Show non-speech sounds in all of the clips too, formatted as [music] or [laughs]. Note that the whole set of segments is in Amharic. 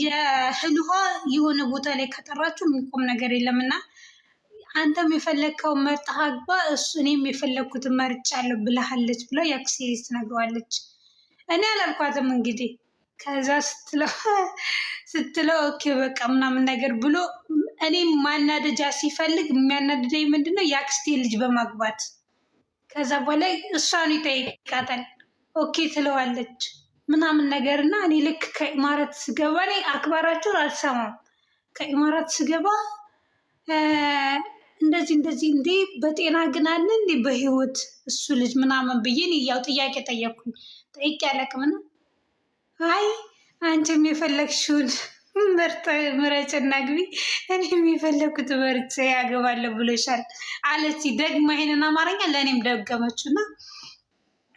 የእህል የሆነ ቦታ ላይ ከጠራችሁ የሚቆም ነገር የለም እና አንተም የፈለግከው መርጠህ አግባ፣ እሱ እኔም የፈለግኩትን መርጫለሁ ብለሃለች ብላ የአክስቴ ትነግረዋለች። እኔ አላልኳትም እንግዲህ ከዛ [laughs] ስትለው ኦኬ በቃ ምናምን ነገር ብሎ እኔም ማናደጃ ሲፈልግ የሚያናደደኝ ምንድነው የአክስቴ ልጅ በማግባት ከዛ በኋላ እሷኑ ይጠይቃታል። ኦኬ ትለዋለች። ምናምን ነገር እና እኔ ልክ ከኢማራት ስገባ እኔ አክባራቸውን አልሰማም። ከኢማራት ስገባ እንደዚህ እንደዚህ እንዴ በጤና ግን አለ እንዴ በህይወት እሱ ልጅ ምናምን ብዬን ያው ጥያቄ ጠየቅኩኝ። ጠይቄ ያለቅምና አይ አንቺም የፈለግሽውን [laughs] ምረጭና ግቢ፣ እኔም የፈለግኩት መርጬ ያገባለሁ ብሎሻል አለች። ደግማ ይሄንን አማርኛ ለእኔም ደገመችና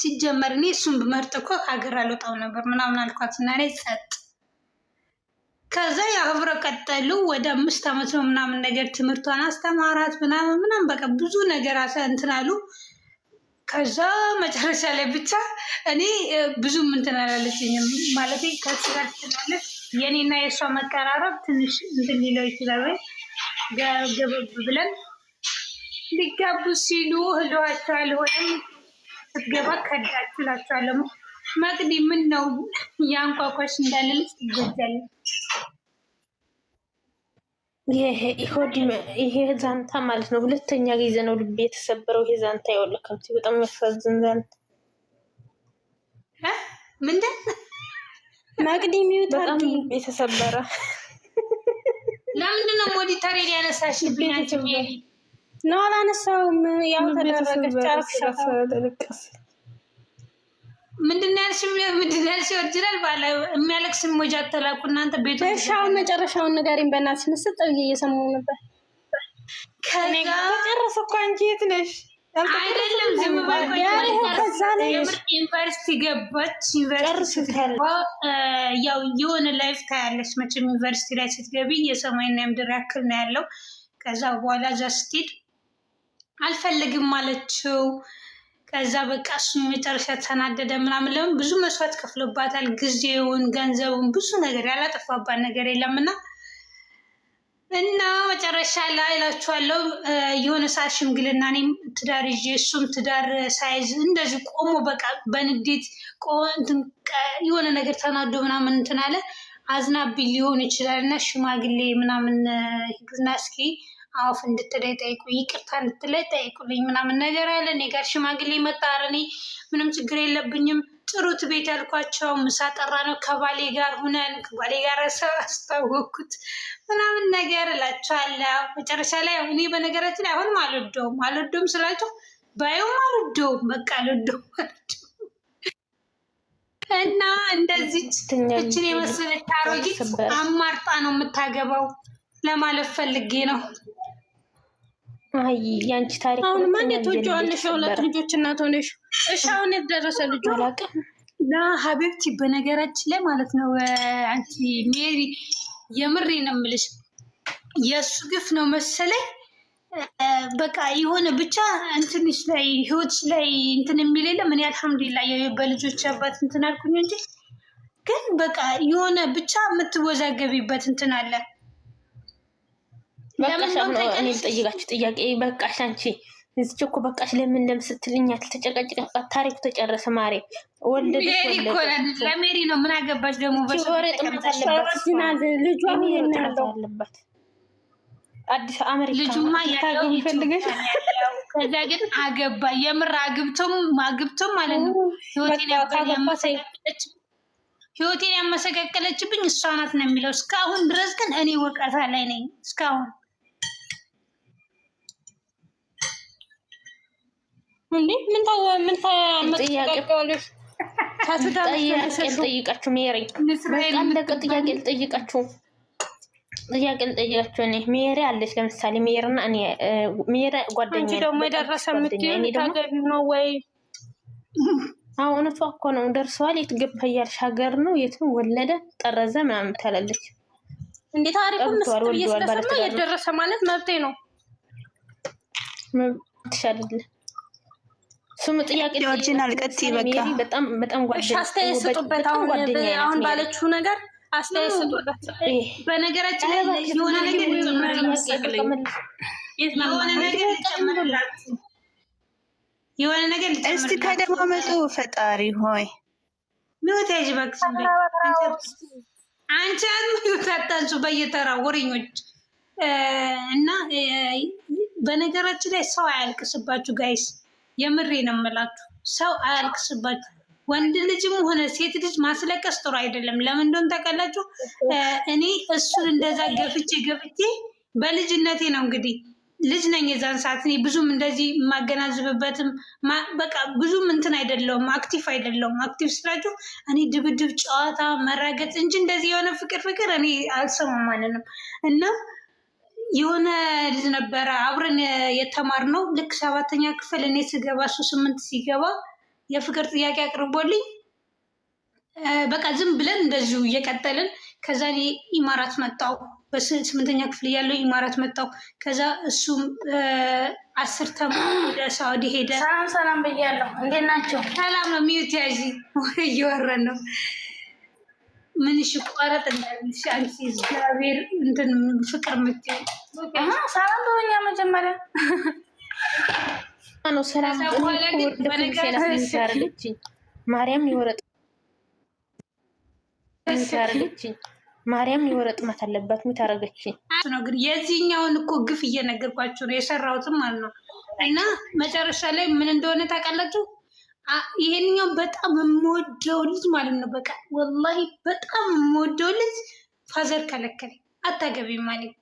ሲጀመር እኔ እሱን ብመርጥ እኮ ከሀገር አልወጣው ነበር ምናምን አልኳት እና እኔ ጸጥ። ከዛ የአብረ ቀጠሉ ወደ አምስት ዓመት ነው ምናምን ነገር ትምህርቷን አስተማራት ምናምን ምናምን በቃ ብዙ ነገር እንትን አሉ። ከዛ መጨረሻ ላይ ብቻ እኔ ብዙም እንትን አላለችኝም ማለት ከሱ ጋር ትችላለች። የእኔና የእሷ መቀራረብ ትንሽ እንትን ሊለው ይችላል ወይ ገበብ ብለን ሊጋቡ ሲሉ ህለዋቸው አልሆነም። ስትገባ ከዳችሁ እላችኋለሁ። መቅዲ ምን ነው ያንኳኳሽ እንዳለን ትጎጃለሽ። ይሄ ዛንታ ማለት ነው። ሁለተኛ ጊዜ ነው ልቤ የተሰበረው። ይሄ ዛንታ የወለከምት በጣም የሚያሳዝን ዛንታ ምንድን መቅዲ ሚዩት ልቤ የተሰበረ ለምንድነው ሞዲተሬን ያነሳሽ ብኛቸው ነው አላነሳውም። ያው ተደረገች ምንድን ነው ምንድን ነው ኦሪጂናል ባለ የሚያለቅስ እናንተ ቤቱ። መጨረሻውን ንገሪኝ በእናትሽ። ምስጥ ነበር። ከዛ ተጨረሰ እኮ አንቺ የት ነሽ? አይደለም ዝም ዩኒቨርሲቲ ገባች። ዩኒቨርሲቲ ያው የሆነ ላይፍ ታያለች መቼም ዩኒቨርሲቲ ላይ ስትገቢ የሰማይና የምድር ያክል ነው ያለው። ከዛ በኋላ እዛ ስትሄድ አልፈልግም አለችው። ከዛ በቃ እሱ መጨረሻ ተናደደ ምናምን። ለምን ብዙ መስዋዕት ከፍሎባታል፣ ጊዜውን፣ ገንዘቡን፣ ብዙ ነገር ያላጠፋባት ነገር የለም እና እና መጨረሻ ላይ እላችኋለሁ የሆነ ሰዓት ሽምግልና እኔም ትዳር ይዤ እሱም ትዳር ሳይዝ እንደዚህ ቆሞ በቃ በንዴት የሆነ ነገር ተናዶ ምናምን እንትን አለ። አዝናብኝ ሊሆን ይችላል እና ሽማግሌ ምናምን ሂዱና እስኪ አፍ እንድትለይ ጠይቁ፣ ይቅርታ እንድትለይ ጠይቁልኝ ምናምን ነገር አለ። እኔ ጋር ሽማግሌ መጣ። ኧረ እኔ ምንም ችግር የለብኝም ጥሩት ቤት ያልኳቸው ምሳ ጠራ ነው ከባሌ ጋር ሁነን ከባሌ ጋር ሰው አስታወቅኩት ምናምን ነገር እላቸዋለሁ። መጨረሻ ላይ እኔ በነገራችን ላይ አሁንም አልወደውም አልወደውም ስላቸው ባየውም አልወደውም በቃ አልወደውም [laughs] አልወደውም እና እንደዚህ እችን የመሰለች አሮጊት አማርጣ ነው የምታገባው ለማለፍ ፈልጌ ነው። አይ ያንቺ ታሪክ አሁን ማን ትወጂዋለሽ? ሁለት ልጆች እናት ሆነሽ። እሺ አሁን የደረሰ ልጅ ላ ሀቢብቲ፣ በነገራችን ላይ ማለት ነው አንቺ ሜሪ፣ የምሬ ነው የምልሽ የእሱ ግፍ ነው መሰለኝ። በቃ የሆነ ብቻ እንትንሽ ላይ ህይወትሽ ላይ እንትን የሚል የለም። እኔ አልሐምዱሊላህ በልጆች አባት እንትን አልኩኝ እንጂ ግን በቃ የሆነ ብቻ የምትወዛገቢበት እንትን አለ ጠይቃችሁ ጥያቄ በቃሽ አንቺ እኮ በቃሽ ለምን እንደምስትልኝ ተጨቀጭቀ ታሪኩ ተጨረሰ። ማሬ ለሜሪ ነው ምን አገባች ደግሞ ልጇ አለባት አዲስ አሜሪካ ከዛ ግን አገባ የምር አግብቶም አግብቶም ማለት ነው ህይወቴን ያባለች ህይወቴን እሷ ናት ነው የሚለው። እስካሁን ድረስ ግን እኔ ወቀሳ ላይ ነኝ እስካሁን ልጠይቃችሁ ጥያቄ ልጠይቃችሁ እኔ ሜሪ አለች፣ ለምሳሌ ሜሪና እኔ ሜሪ ጓደኛ ደግሞ የደረሰ ነው ወይ? እውነቷ እኮ ነው። ደርሰዋል። የት ገባ እያልሽ ሀገር ነው የት ወለደ ጠረዘ ምናምን ታላለች። እንዴ እየስለሰማ የደረሰ ማለት መብቴ ነው ስሙ ጥያቄ ኦሪጂናል ቀጥ ይበቃ። በጣም በጣም ጓደኛ አስተያየት ስጡበት። አሁን አሁን ባለችው ነገር አስተያየት ስጡበት። በነገራችን ላይ የሆነ ነገር የሆነ ነገር እስቲ ተደማመጡ። ፈጣሪ ሆይ ሚወት ያዥ እባክሽ። አንቺ ታታንሱ በየተራ ወሬኞች እና በነገራችን ላይ ሰው አያልቅስባችሁ ጋይስ የምሬ ነው የምላችሁ። ሰው አያልቅስባችሁ። ወንድ ልጅም ሆነ ሴት ልጅ ማስለቀስ ጥሩ አይደለም። ለምን እንደሆነ ታውቃላችሁ? እኔ እሱን እንደዛ ገፍቼ ገፍቼ በልጅነቴ ነው እንግዲህ ልጅ ነኝ የዛን ሰዓት እኔ ብዙም እንደዚህ የማገናዝብበትም በቃ ብዙም እንትን አይደለውም፣ አክቲቭ አይደለውም። አክቲቭ ስላችሁ እኔ ድብድብ፣ ጨዋታ፣ መራገጥ እንጂ እንደዚህ የሆነ ፍቅር ፍቅር እኔ አልሰማም ነው እና የሆነ ልጅ ነበረ አብረን የተማርነው ልክ ሰባተኛ ክፍል እኔ ስገባ እሱ ስምንት ሲገባ የፍቅር ጥያቄ አቅርቦልኝ በቃ ዝም ብለን እንደዚሁ እየቀጠልን ከዛ እኔ ኢማራት መጣው በስምንተኛ ክፍል እያለሁ ኢማራት መጣው። ከዛ እሱም አስር ተማ ወደ ሳውዲ ሄደ። ሰላም ሰላም ብያለሁ። እንዴት ናቸው? ሰላም ነው። ሚዩት ያዚ እየወረን ነው ምን ሽቋረጥ እንዳልሽ አንቺ እግዚአብሔር እንትን ፍቅር ምት ሰላም በሆኛ መጀመሪያ ነው። ሰላም ማርያም ይወረጥ ታረገችኝ። ማርያም ይወረጥማት አለባት ምታረገችኝ ነው። ግን የዚህኛውን እኮ ግፍ እየነገርኳቸው ነው የሰራሁትም ማለት ነው። እና መጨረሻ ላይ ምን እንደሆነ ታውቃላችሁ? ይሄንኛው በጣም የምወደው ልጅ ማለት ነው። በቃ ወላሂ በጣም የምወደው ልጅ ፋዘር ከለከለ። አታገቢም ማለት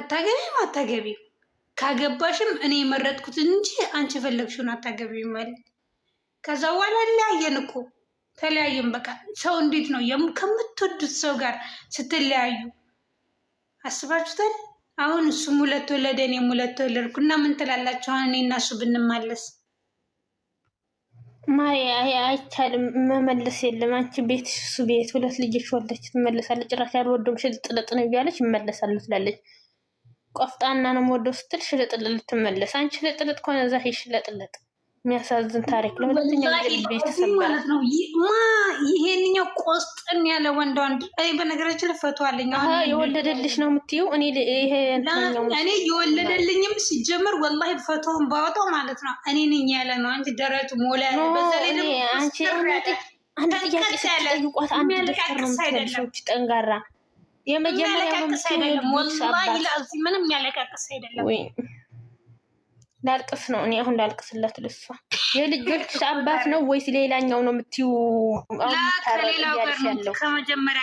አታገቢም፣ አታገቢም ካገባሽም እኔ የመረጥኩት እንጂ አንቺ የፈለግሽውን አታገቢም ማለት። ከዛ በኋላ ለያየን እኮ ተለያየን። በቃ ሰው እንዴት ነው ከምትወዱት ሰው ጋር ስትለያዩ አስባችሁታል? አሁን እሱም ሁለት ወለደ እኔም ሁለት ወለድኩ እና ምን ትላላችሁ? አሁን እኔ እና እሱ ብንማለስ ማሪያ አይቻልም፣ መመለስ የለም። አንቺ ቤት እሱ ቤት ሁለት ልጆች ወልደች ትመለሳለች። ጭራሽ ያልወደም ሽልጥልጥ ነው እያለች እመለሳለሁ ትላለች። ቆፍጣና ነው ወደው ስትል ሽልጥልጥ ትመለስ። አንቺ ሽልጥልጥ ከሆነ እዛ ሽልጥልጥ የሚያሳዝን ታሪክ ለሁለተኛ ቤተሰብ ማለት ነው። ቆስጥን ያለ ወንድ ወንድ። በነገራችን ልፈቱ አለኝ የወለደልሽ ነው የምትይው? እኔ እኔ የወለደልኝም ሲጀምር ወላሂ ፈቶውን ባወጣው ማለት ነው እኔ ነኝ ያለ ነው እንጂ ደረቱ ሞላ ያለ በዛ ጥያቄ ስትጠይቋት አንድ ደፍተር ነው ጠንጋራ የመጀመሪያ ምንም ያለቃቅስ አይደለም። ላልቅስ ነው እኔ አሁን ላልቅስለት። ልሷ [laughs] የልጆች አባት ነው ወይስ ሌላኛው ነው የምትይው? ከሌላው ጋር ነው ከመጀመሪያ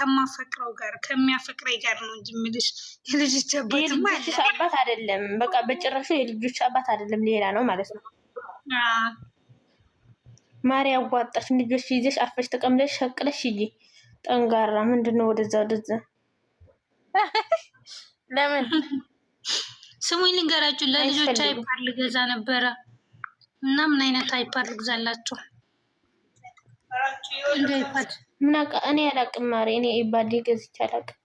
ከማፈቅረው ጋር ከሚያፈቅረኝ ጋር ነው እንጂ የምልሽ የልጆች አባት አይደለም። በቃ በጭራሹ የልጆች አባት አይደለም፣ ሌላ ነው ማለት ነው። ማሪ ያዋጣሽ ልጆች ይዘሽ አፈሽ ተቀምለሽ ሸቅለሽ ሂጂ። ጠንጋራ ምንድን ነው ወደዛ ወደዛ ለምን ስሙኝ ልንገራችሁ፣ ለልጆች አይፓድ ልገዛ ነበረ እና ምን አይነት አይፓድ ልግዛላቸው? እንደ እኔ አላውቅም። ማሪ እኔ አይፓድ ገዝቼ አላውቅም።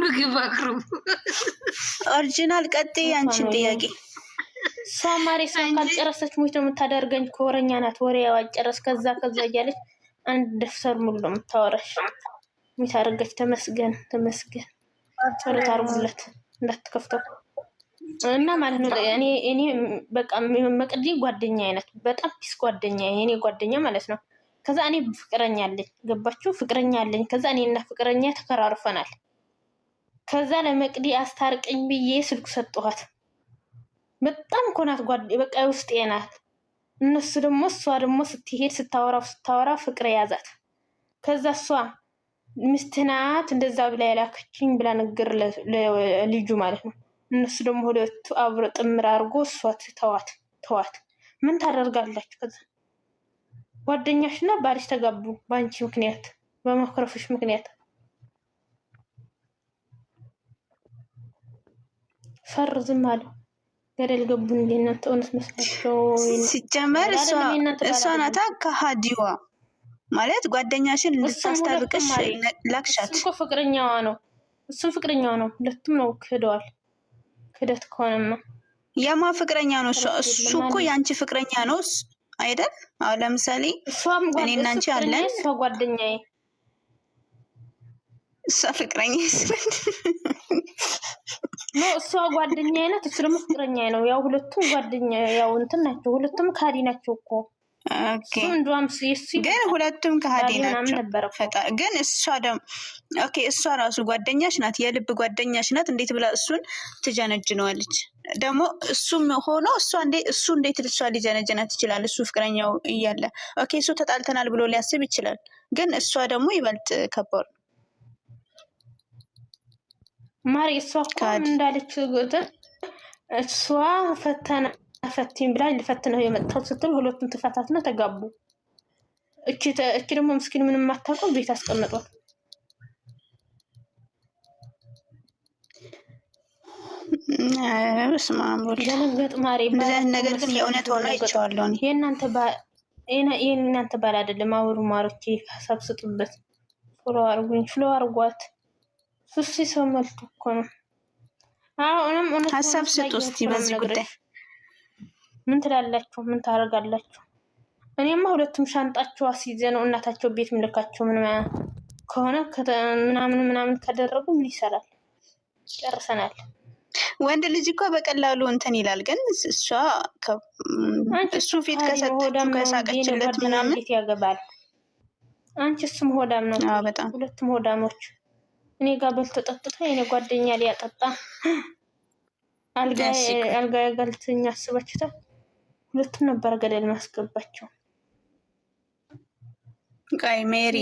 ምግብ አቅርቡ። ኦሪጂናል። ቀጥይ፣ አንቺን ጥያቄ ሳማሪ ማሪ እሷ ካልጨረሰች ሙች ነው የምታደርገኝ። ከወረኛ ናት። ወሬ ያዋጨረስ ከዛ ከዛ እያለች አንድ ደፍተር ሙሉ ነው የምታወራሽ። ሙች አደረገች። ተመስገን ተመስገን ጸሎት አርጉለት እንዳትከፍተው እና ማለት ነው። እኔ እኔ በቃ መቅዲ ጓደኛ አይነት በጣም ፒስ ጓደኛ የኔ ጓደኛ ማለት ነው። ከዛ እኔ ፍቅረኛ አለኝ፣ ገባችሁ? ፍቅረኛ አለኝ። ከዛ እና ፍቅረኛ ተከራርፈናል። ከዛ ለመቅዲ አስታርቅኝ ብዬ ስልኩ ሰጠኋት። በጣም ኮናት በቃ ውስጤ ናት። እነሱ ደግሞ እሷ ደግሞ ስትሄድ ስታወራ ስታወራ ፍቅር የያዛት ከዛ እሷ ምስትናት እንደዛ ብላ ያላክችኝ ብላ ንግር ልጁ ማለት ነው። እነሱ ደግሞ ሁለቱ አብረ ጥምር አድርጎ እሷት ተዋት ተዋት። ምን ታደርጋላችሁ? ከዛ ጓደኛሽ ጓደኛሽና ባልሽ ተጋቡ በአንቺ ምክንያት፣ በመኩረፍሽ ምክንያት። ፈር ዝም አለ። ገደል ገቡ። እንደ እናንተ እውነት መስላቸው ሲጀመር እሷ ናታ ከሀዲዋ ማለት ጓደኛሽን እንድታስታርቅሽ ላክሻት እኮ ፍቅረኛዋ ነው። እሱም ፍቅረኛዋ ነው። ሁለቱም ነው ክህደዋል። ክህደት ከሆነማ ያማ ፍቅረኛ ነው። እሱ እኮ የአንቺ ፍቅረኛ ነው አይደል? አሁ ለምሳሌ እኔና አንቺ አለን። እሷ ጓደኛ እሷ ፍቅረኛ ስለ እሷ ጓደኛ አይነት እሱ ደግሞ ፍቅረኛ ነው። ያው ሁለቱም ጓደኛ ያው እንትን ናቸው። ሁለቱም ካዲ ናቸው እኮ ግን ሁለቱም ከሀዲ ናቸው። ግን እሷ ደግሞ ኦኬ፣ እሷ ራሱ ጓደኛሽ ናት፣ የልብ ጓደኛሽ ናት። እንዴት ብላ እሱን ትጀነጅነዋለች? ደግሞ እሱም ሆኖ እሷ እሱ እንዴት እሷ ሊጀነጅናት ይችላል? እሱ ፍቅረኛው እያለ ኦኬ፣ እሱ ተጣልተናል ብሎ ሊያስብ ይችላል። ግን እሷ ደግሞ ይበልጥ ከባድ ማሪ እሷ እንዳለች እሷ ፈተና አፈቲም ብላ ልፈትነው የመጣሁት ስትል ሁለቱም ትፈታት ነው ተጋቡ። እቺ ደግሞ ምስኪን ምንም የማታውቀው ቤት አስቀምጧል። ነገር ግን የእናንተ ባል አይደለም። አውሩ ማሮቼ፣ ሀሳብ ስጡበት። ፍሎ አርጉኝ፣ ፍሎ አርጓት። ሱሲ ሰው መልቱ እኮ ነው። አሁንም ሀሳብ ስጡ እስቲ በዚህ ጉዳይ ምን ትላላችሁ? ምን ታደርጋላችሁ? እኔማ ሁለቱም ሻንጣቸው አስይዘ ነው እናታቸው ቤት ምልካቸው ምን ከሆነ ምናምን ምናምን ከደረጉ ምን ይሰራል? ጨርሰናል። ወንድ ልጅ እኮ በቀላሉ እንትን ይላል። ግን እሷ እሱ ፊት ከሰጠችው ከሳቀችለት ምናምን ያገባል። አንቺ እሱም ሆዳም ነው፣ በጣም ሁለቱም ሆዳሞች። እኔ ጋር በልቶ ጠጥቶ የኔ ጓደኛ ሊያጠጣ አልጋ አልጋ ያጋልተኛ አስበችታል ሁለቱም ነበር ገደል ማስገባቸው ቃይ ሜሪ